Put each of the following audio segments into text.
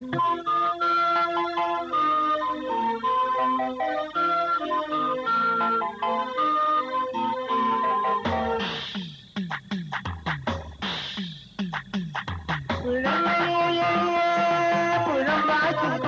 Hãy subscribe cho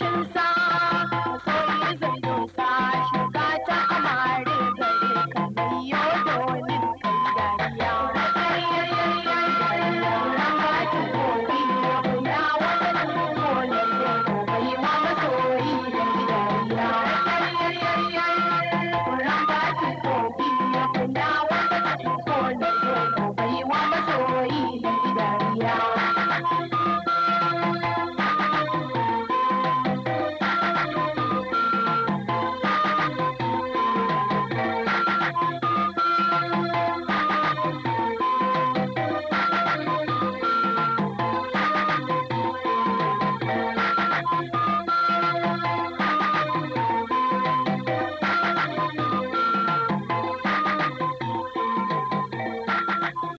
emotions.